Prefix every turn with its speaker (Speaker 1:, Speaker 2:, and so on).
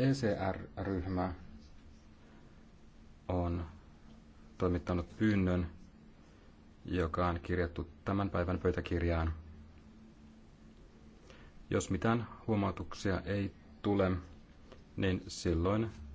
Speaker 1: ECR-ryhmä on toimittanut pyynnön, joka on kirjattu tämän päivän pöytäkirjaan. Jos mitään huomautuksia ei tule, niin
Speaker 2: silloin